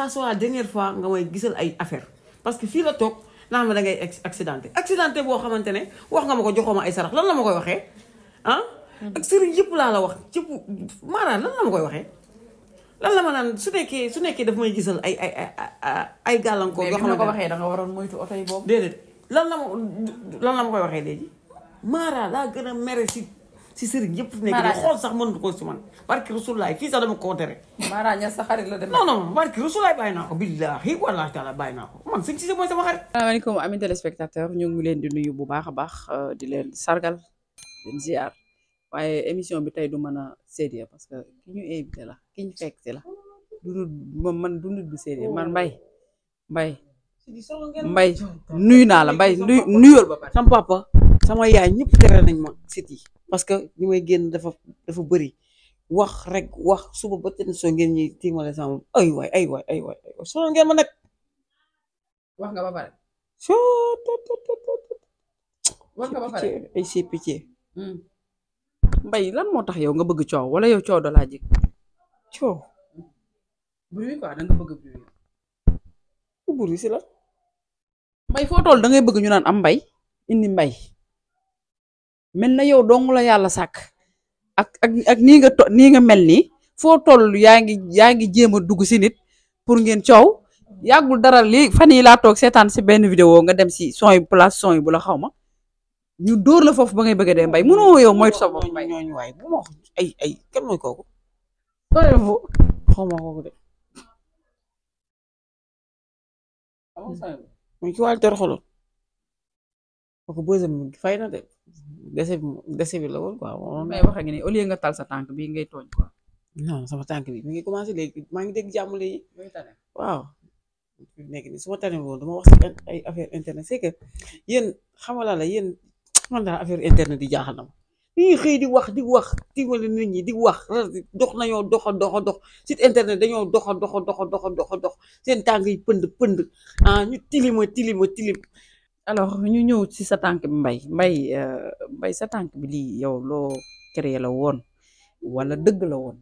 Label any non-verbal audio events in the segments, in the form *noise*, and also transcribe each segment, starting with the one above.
ça soit la fois nga may gisal ay affaire parce que fii la toog naan ma da ngay accidenté accidenté boo xamante ne wax nga ma ko joxoo ma ay sarax lan la ma koy waxee ah ak yëpp laa la wax yëpp maanaam la ma koy waxee lan la ma naan su nekkee su nekkee daf may gisal ay ay ay gàllankoor yoo xamante ne ko waxee da waroon moytu oto yi boobu déedéet lan la ma lan la ma koy waxee léegi maara laa gën a mere si si sëriñ yëpp fu nekk xool sax mënatu ko si man barki rasulaay sa ko billaahi wallaahi taala bàyyi naa ko man sëñ leen di nuyu bu baax a baax euh, di leen sargal di waaye émission bi tey du mën a séedee parce que ki ñu invité la ki ñu fekk si la du man du nit bu séedee man mbay mbay mbay nuyu naa la mbay nuyool ba pare sama sama yaay ñëpp tere nañ ma sit parce que ñu may génn dafa dafa bëri wax rek wax suba ba ten soo ngeen ñuy tiimale sama ay waay ay waay ay waay ay waay sonal ngeen ma nag wax nga ba pare wax nga ba pare ay si pitié hmm. mbay lan moo tax yow nga bëgg coow wala yow coow da laa jig coow bruit quoi da nga bëgg bruit bu bruit si la mbay foo toll da ngay bëgg ñu naan am mbay indi mbay mel na yow dong la yàlla sàkk ak ak nii nga to nii mel ni foo tol yaa ngi yaa ngi jéem a dugg si nit pour ngeen coow yàggul dara lii fan yii laa toog si benn vidéo nga dem si son yu place son yu xaw ma ñu dóor la foofu ba ngay bëgg a mbay mënoo yow moytu sa bopp mbay ñooñu waay bu ma wax ay ay kenn mooy kooku fay na de dese bi la woon quoi moom may wax ak ni au lieu nga tal sa tànk bi ngay tooñ quoi. non sama tànk bi mi ngi commencé léegi maa ngi dégg jàmm léegi. waaw. nekk ni su wax si ay affaire internet c'est que yéen xamalaa la yéen man daal affaire internet di jaaxal na ma ñuy xëy di wax di wax tiimale nit ñi di wax dox nañoo dox a dox a dox site internet dañoo dox a dox a dox dox dox seen tànk yi pënd pënd ah ñu tilima tilima tilim alors ñu ñëw si sa tànk bi mbay mbay euh, mbay sa tànk bi lii yow loo créé la woon wala dëgg la woon.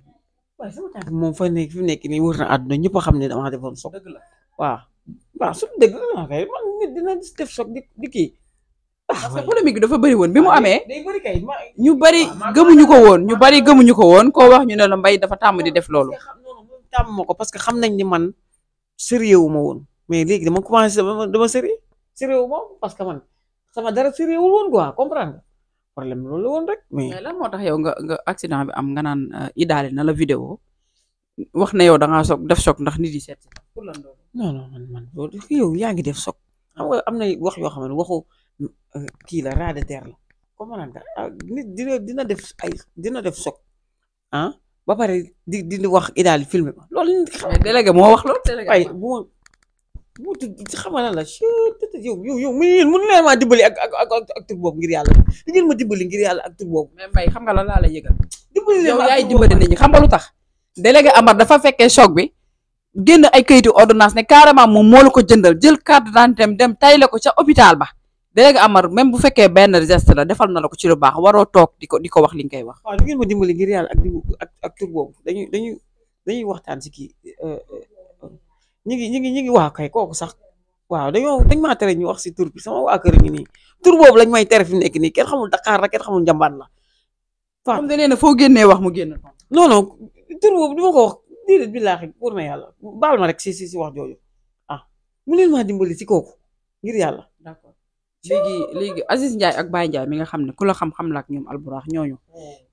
waaw moom fa nekk fi nekk ni wër na àdduna ñëpp xam ne damaa defoon soog. dëgg la waaw waaw dëgg la kay def soog di di kii. Ah, parce dafa bëri woon bi mu ah, amee. ñu bëri ah, gëmuñu ko woon ñu bëri gëmuñu ko woon koo wax ñu ne la mbay dafa tàmm di def loolu. tàmm ma parce que xam nañ ni man sérieux wuma woon mais léegi dama commencé dama sérieux si réew parce que man sama dara si réewul woon quoi comprendre nga problème loolu la woon rek. mais lan moo tax yow nga nga accident bi am nga naan euh, idaale na la vidéo wax na yow da ngaa soog def choc ndax ni yi set pour lan loolu. man man loolu yaa ngi def choc xam nga am na wax yoo xam ne waxu euh, kii la ras la comprendre nga ah, nit dina def ay dina def choc ah, ba pare di di wax idaal filmé ba loolu. délégué moo wax loolu wut xamana la yow yow yow mën ngeen mën leen maa dimbali ak ak ak ak boobu ngir yàlla di ma dimbali ngir yàlla ak tur boobu. mais Mbaye xam nga lan laa la yëgal. dimbali leen ma yaay dimbali nit xam nga lu tax. délégué Amar dafa fekkee choc bi génn ay kayitu ordonnance ne carrément moom moo la ko jëndal jël carte d'identité dem tay la ko ca hôpital ba délégué Amar même bu fekkee benn geste la defal na la ko ci lu baax waroo toog di ko di ko wax li nga koy wax. waaw di ngeen ma dimbali ngir yàlla ak ak ak tur boobu dañuy dañuy dañuy waxtaan ci kii euh, euh, ñi ngi ñi ngi ñi ngi waa kay kooku sax waaw dañoo dañ maa tere ñu wax si tur bi sama waa kër gi nii tur boobu lañ may tere fi mu nekk nii kenn xamul Dakar la kenn xamul njambaan na foo génnee wax mu génn. non non tur boobu du ma ko wax déedéet billaahi na yàlla baal ma rek si si si wax jooju ah mu dimbali si kooku ngir yàlla. d'accord léegi léegi Aziz Ndiaye ak baay Ndiaye mi nga xam ne ku la xam-xam la ak ñoom alburax ñooñu.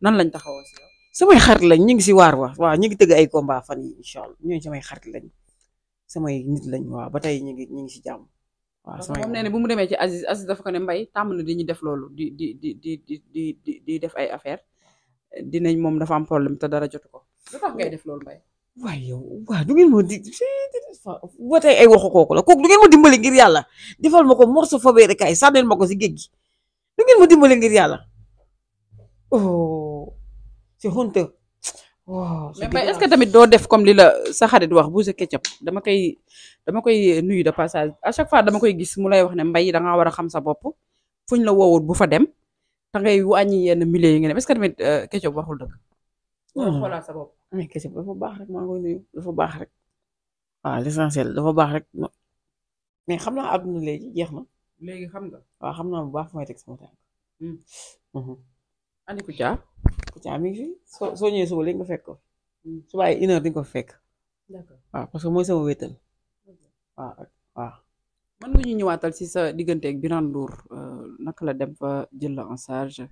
nan lañ taxaw si yow. samay xarit lañ ñu ngi si waar wa waaw ñu ngi tëgg ay combat fan yi incha allah ñooñu samay xarit lañ samay nit lañ waaw ba tey ñu ngi ñu ngi si jàmm. waaw samay moom nee na mu demee ci Aziz Aziz dafa ko ne mbay tàmm na di ñu def loolu di di di di di di def ay affaire dinañ moom dafa am problème te dara jot ko lu tax ngay def loolu mbay. waaw yow waaw du ngeen ma di ba tey ay waxu kooku la kooku du ngeen ma dimbali ngir yàlla defal ma ko morso fobee rek ay sànneen ma ko si géej gi du ngeen ma dimbali ngir yàlla oh c'est honteux waaw mais est-ce que tamit doo def comme li la sa xarit wax bu bouger ketchup dama koy dama koy nuyu de passage à chaque fois dama koy gis mu lay wax ne mbayi da ngaa war a xam sa bopp fuñ la woowul bu fa dem te ngay wàññi yenn milieu yi nga dem est-ce que tamit euh, ketchup waxul dëgg. xoolal sa bopp. dafa baax rek maa ngi koy nuyu dafa baax rek waaw ah, dafa baax rek mais xam naa àdduna léegi jeex na. léegi xam nga. waaw xam naa bu baax fu teg sama tànk. Hmm. Mhm. Andi Kouthia. Kouthia mi soo soo ñëwee suba léegi fekk ko hmm. su bàyyi ko fekk. d'accord parce que mooy sama wéetal. waaw waaw. mën nga ñu ñëwaatal si sa digganteek ak Birane Ndour euh, naka la dem fa jël la en charge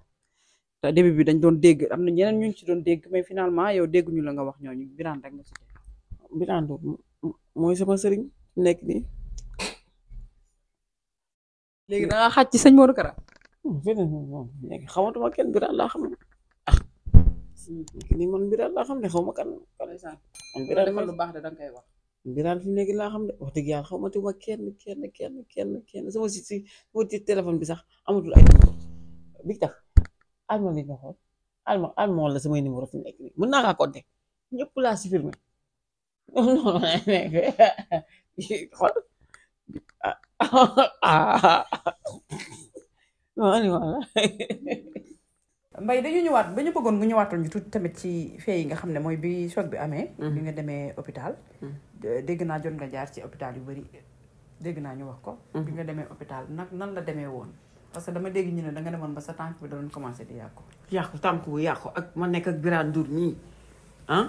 te début bi dañ doon dégg am na ñeneen ñu ci doon dégg mais finalement yow dégguñu la nga wax ñooñu Birane rek nga ci dégg. mooy sama sëriñ nekk nii. léegi da nga xaaj ci sëñ Modou Kara. Hmm, xamatuma kenn Birane laa xam ne. ni mm-hmm. man Birane laa xam ne xaw ma kan. man Birane defal lu baax de da nga koy wax. laa xam ne wax dëgg yàlla xaw ma te ma kenn kenn kenn kenn kenn sama si si sama téléphone bi sax amatul ay numéro bi tax alma lañ xool alma alma samay numéro fi mu nekk nii mën naa kaa compter ñëpp laa si firme non non *laughs* xool ah *laughs* ah *laughs* mbay dañu ñëwaat ba ñu bëggoon nga ñëwaatal ñu tuuti tamit ci fee yi nga xam ne mooy bi choc bi amee. Mhm. bi nga demee hôpital. Mhm. dégg naa jot nga jaar ci hôpital yu bari dégg naa ñu wax ko. Mhm. bi nga demee hôpital nag nan la demee woon. parce que dama dégg ñu ne danga demoon ba sa tànk bi da doon commencé di yàqu. yàqu tànk bu yàqu ak ma nekk ak Birane Ndour mii ah.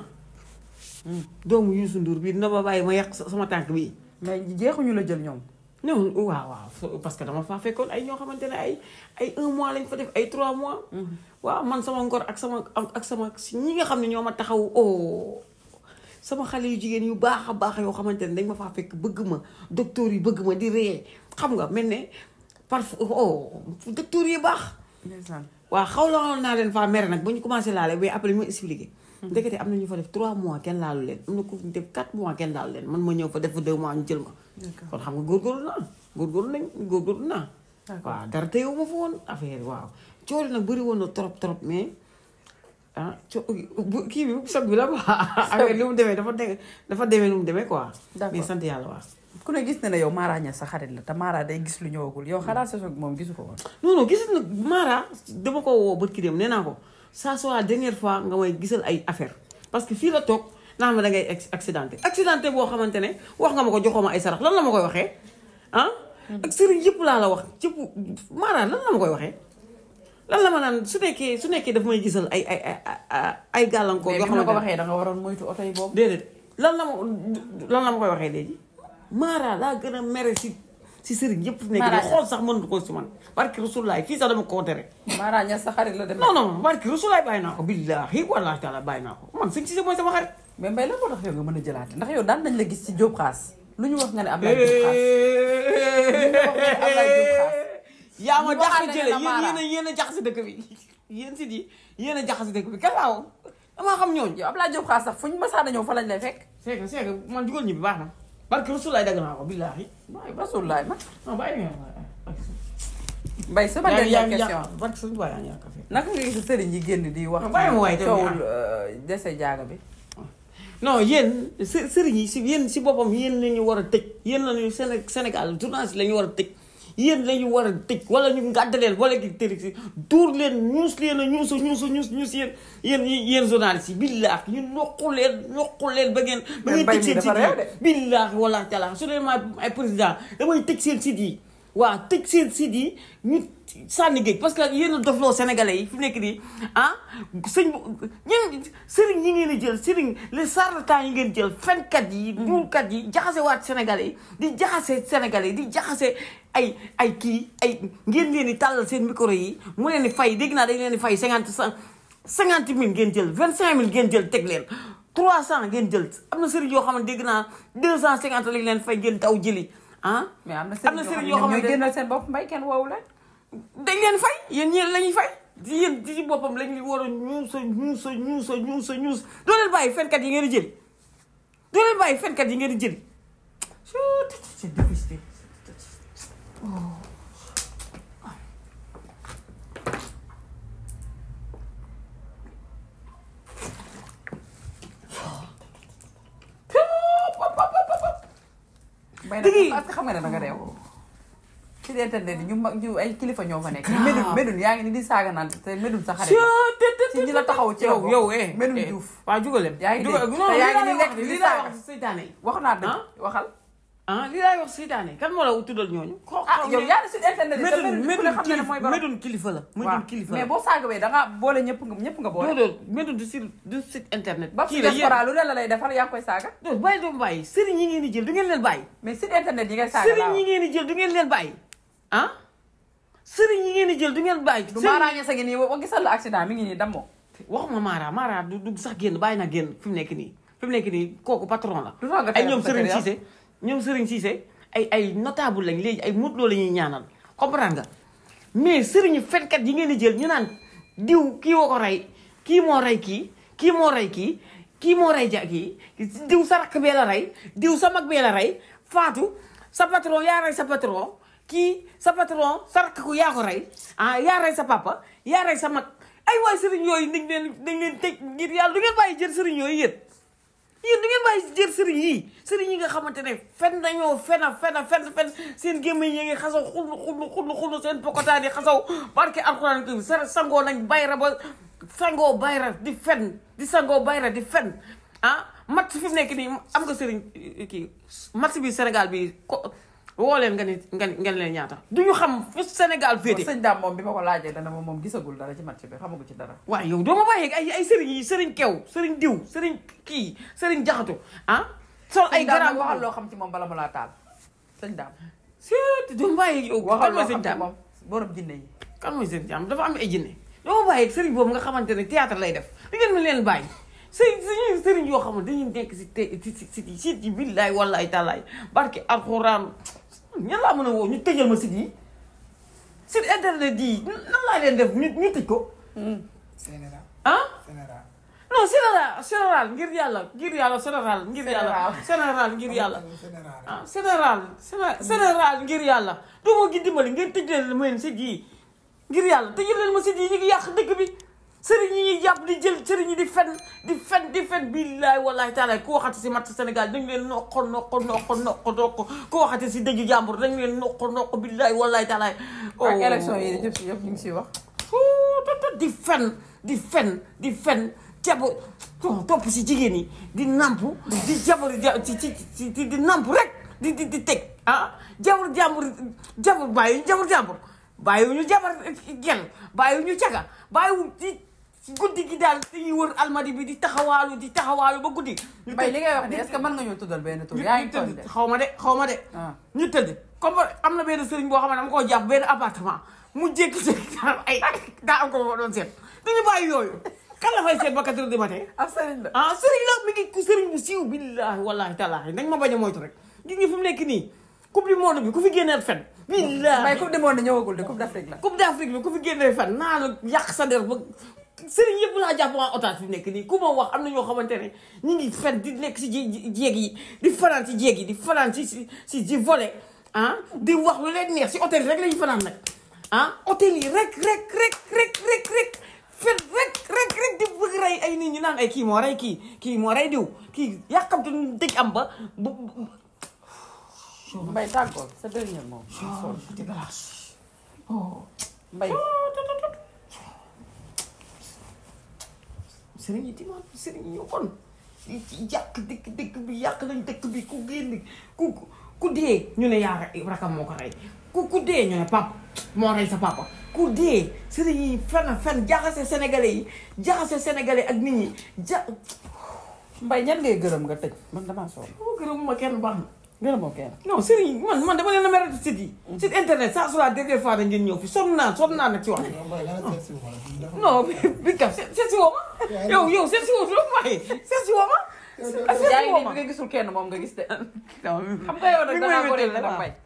doomu Youssou nduur bii dina ba bàyyi ma yàq sama tànk bi mais jeexuñu la jël ñoom. non waaw waaw parce que dama faa fekkoon ay ñoo xamante ne ay ay un mois lañ fa def ay trois mois. Mm-hmm. waaw man sama ngor ak sama ak sama ñi nga xam ne ñoo ma taxaw oh. sama xale yu jigéen yu baax a baax yoo xamante ne dañ ma faa fekk bëgg ma docteur yi bëgg ma di ree xam nga mel ne parfois oh docteur yi baax. waaw xaw la naa leen faa mere nag ba ñu commencé laale mais après ñu ma mm-hmm. ndekete am na ñu fa def trois mois kenn laalu leen am na ku def man ma ñëw fa def fa deux mois jël ma. kon xam nga góorgóorlu naa góorgóorlu nañ góorgóorlu naa. waaw dara te yow ma fa woon affaire waaw coono nag bëri woon na trop trop mais ah co kii bi bi la quoi affaire li mu dafa de dafa demee nu demee quoi. mais sant yàlla waaw. ku ne gis na ne yow Mara Niass sa xarit la te Mara day gis lu ñëwagul yow xanaa sa soog moom gisu ko woon. non gis na dama ko woo bët ki dem nee naa ko ça soit dernière fois nga may gisal ay affaire parce que fii la toog. naan ma da ngay accidenté accidenté boo xamante ne wax nga ma ko joxoo ma ay sarax lan la ma koy waxee ah ak sëriñ yëpp laa la wax yëpp maanaam lan la koy waxee lan la ma naan su nekkee su nekkee daf may gisal ay ay ay gàllankoor yoo xamante ne ko waxee da waroon moytu oto yi boobu déedéet lan la ma lan la ma koy waxee léegi maara laa gën a mere si si sëriñ yëpp fu nekk nii xool sax mënut ko si man barki rasulaay fii sax dama ko tere maara ña sa xarit la demee non non barki rasulaay bàyyi naa ko billaahi wallaahi taala bàyyi naa ko man sëñ si mooy sama xarit mais mbay la moo tax yow nga mën a jëlaat jëlaate ndax yow daan nañ la gis ci Diop xaas lu ñu wax nga ne Ablaye Diop xaas yaa ma jaxase jële a jaxase dëkk bi yéen si di yéen a jaxase dëkk bi kalaaw damaa xam ñooñu yow Ablaye Diop xaas sax fuñ masaana ñëw fa lañ lay fekk c'est que c'est que man jugal ñibbi baax na barke rasulaay dagg naa ko billaahi rasulaay ma non bàyyi Mbaye sama dernière question naka nga gis sëriñ yi génn di wax coowul euh, dese jaaga bi non yéen së sëriñ yi si yéen si boppam yéen la ñu war a tëj yéen la ñu Sénégal journaliste la ñu war a tëj yéen la ñu war a tëj wala ñu ngàdd leen wala ki tëri si tuur leen ñuus leen a ñuusu ñuusu ñuus ñuus yéen yéen yéen journaliste yi billaahi ñu noqu leen noqu leen ba ngeen ba ngeen tëj seen site yi billaahi wala taala su dee ma ay président damay tëj seen site yi waaw tëj seen site yi sànni géej parce que yéen a dofloo sénégalais yi fi nekk nii ah sëñ ñeen sëriñ ñi ngeen di jël sëriñ les charlatans yi ngeen jël fenkat yi ñuulkat mm. yi jaxase waat sénégalais yi di jaxase sénégalais yi di jaxase ay ay kii ay ngeen leen di tàllal seen micro yi mu leen fay dégg naa dañ leen di fay cinquante cinquante mille ngeen jël vingt cinq mille ngeen jël teg leen trois cent ngeen jël am na sëriñ yoo xam ne dégg naa deux cent cinquante lañ leen fay ngeen daw jëli ah am na sëriñ yoo xam ne seen bopp mbay kenn woowu dañ leen fay yéen ñeen lañuy ñuy fay di yéen di ci boppam lañ war a ñuusa ñuusa ñuusa ñuusa ñuus doo leen bàyyi fenkat yi ngeen di jëli doo bàyyi fenkat yi ngeen di jëli c'est difficile xam nga ne site internet yi ñu ñu ay kilifa ñoo fa nekk. medun medun yaa ngi ni di saaga la taxaw ci yow yow eh. medun eh. Diouf waaw jugalem. yaa ngi dégg te yaa ngi ni lekk li laay wax seytaane yi ah? Ah, wax naa ah, internet yi te medun kilifa la medun kilifa du site internet. ba lu yi ngeen jël du ngeen leen bàyyi. mais site internet yi ngay yi ngeen jël du ngeen leen bàyyi ah sëriñ yi ngeen di jël du ngeen bàyyi. sëriñ du Mara Niass ngi nii wa gisal la accident mi ngi nii dammo. waxuma Mara Mara du du sax génn baay na génn fi mu nekk nii fi mu nekk nii kooku patron la. ay ñoom Serigne Cissé ñoom Serigne Cissé ay ay notable lañ léegi ay mut loolu la ñuy ñaanal comprendre nga mais sëriñu fenkat yi ngeen di jël ñu naan diw kii woo rey kii moo rey kii kii moo rey kii kii moo rey ja kii diw sa rakk bee la rey diw sa mag bee la rey faatu sa patron yaa rey sa patron kii sa patron sa rakk ku yaa ko rey ah yaa rey sa papa yaa rey sa mag ay waay sëriñ yooyu dañ leen dañ leen tëj ngir yàlla du ngeen bàyyi jël sëriñ yooyu yéen yéen du ngeen bàyyi jël sëriñ yii yi nga xamante ne fen nañoo fena fena fen fen seen gémmiñ yi ngi xasaw xullu xullu xullu xullu seen pokotaan yi xasaw barke alxuraan ko sa sangoo nañ bayra ba sangoo bayra di fen di sangoo bayra di fen ah match nekk nii am nga sëriñ kii match bi Sénégal bi woo leen nga ni nga nga leen ñaata duñu xam fu Sénégal féete sëñ daam moom bi ma ko laajee dana moom moom gisagul dara ci match bi xamagu ci dara waaw yow doo ma bàyyi ay ay sëriñ yi sëriñ kew sëriñ diw sëriñ kii sëriñ jaxatu ah sol ay garab waxal loo xam ci moom bala mu laa taal sëñ daam seet doo ma bàyyi yow kan mooy sëñ daam borom jinne yi kan mooy sëñ daam dafa am ay jinne doo ma bàyyi sëriñ boobu nga xamante ne théâtre lay def li ngeen ma leen bàyyi sëñ suñuy sëriñ yoo xam ne dañuy nekk si si si si yi billaay wallaay tallaay barke alxuraan ñan laa mën a woo ñu tëjal ma sit yi sit internet yi nan laa leen def ñu ñu tëj ko. général hmm. ah. général non général général ngir yàlla ngir yàlla général. ngir yàlla général ah, ngir yàlla. général général du ma gi dimbali ngeen tëj leen ma sit yi ngir yàlla tëjal leen ma sit yi ñu ngi yàq bi. sëriñ yi ñuy jàpp di jël sëriñ yi di fen di fen di fen billaay wallahi taala ku waxati si match Sénégal dañu leen noq noq noq noq noq ku waxati si dëju jàmbur dañu leen noq noq billaay wallahi taala oh. ak élection yi yëpp si yëpp ñu ngi siy wax di fen di fen di fen jabo topp si jigéen yi di namp di jabaru ci ci di namp rek di di di teg ah jabar jàmbur jabar bàyyi jabar jàmbur bàyyiwuñu jabar eh, eh, gel bàyyiwuñu caga bàyyiwu guddi gi daal dañuy wër almadi bi di taxawaalu di taxawaalu ba guddi. ñu tëdd li ngay wax nii est-ce que ñoo tuddal benn tur. yaa ngi tëdd xaw ah. am na benn sëriñ boo xam ne dama koo jàpp benn appartement mu jékki-jékki *laughs* daal ay yooyu. kan la fay seet ba quatre ah, ma bañ a moytu rek gis nga ku fi génneel fen billaahi may coupe du naa la yàq sa der ba sëriñ yëpp laa jàpp waa otage fi nekk nii ku ma wax am na ñoo xamante ne ñu ngi fen di nekk si jéeg yi di fanaan si jéeg yi di fanaan si si si si volet ah di wax lu leen neex si hôtel yi rek la fanaan nag ah hôtel yi rek rek rek rek rek fen rek rek di bëgg rey ay nit ñu naan ay kii moo rey kii kii moo rey diw kii yàqamte dëj am ba bu mbay tàggool sa dernier mot. Oh, oh, mbay. Oh, sëriñ yi timaam sëriñ ñu bon yàq dëkk dëkk bi yàq lañ dëkk bi ku génn ku ku dee ñu ne yaa rakam moo ko rey ku ku dee ñu ne papa moo rey sa papa ku dee sëriñ yi fen fen jaxase sénégalais yi jaxase sénégalais ak nit ñi ja mbay ñan ngay gërëm nga tëj man damaa soxla. gërëmuma kenn baax na. gën a bokk yàlla non sëriñ man man dama leen a mere site yi mm. site internet saa su la dernière fois da ngeen ñëw fi sonn naa sonn naa nag ci wax non bi kam seet si ma yow yow seet si ma waaye seet ma seet si ma yaa ngi nii bi nga gisul kenn moom nga gis de *laughs* xam nga yow nag *laughs* dangaa ko dee danga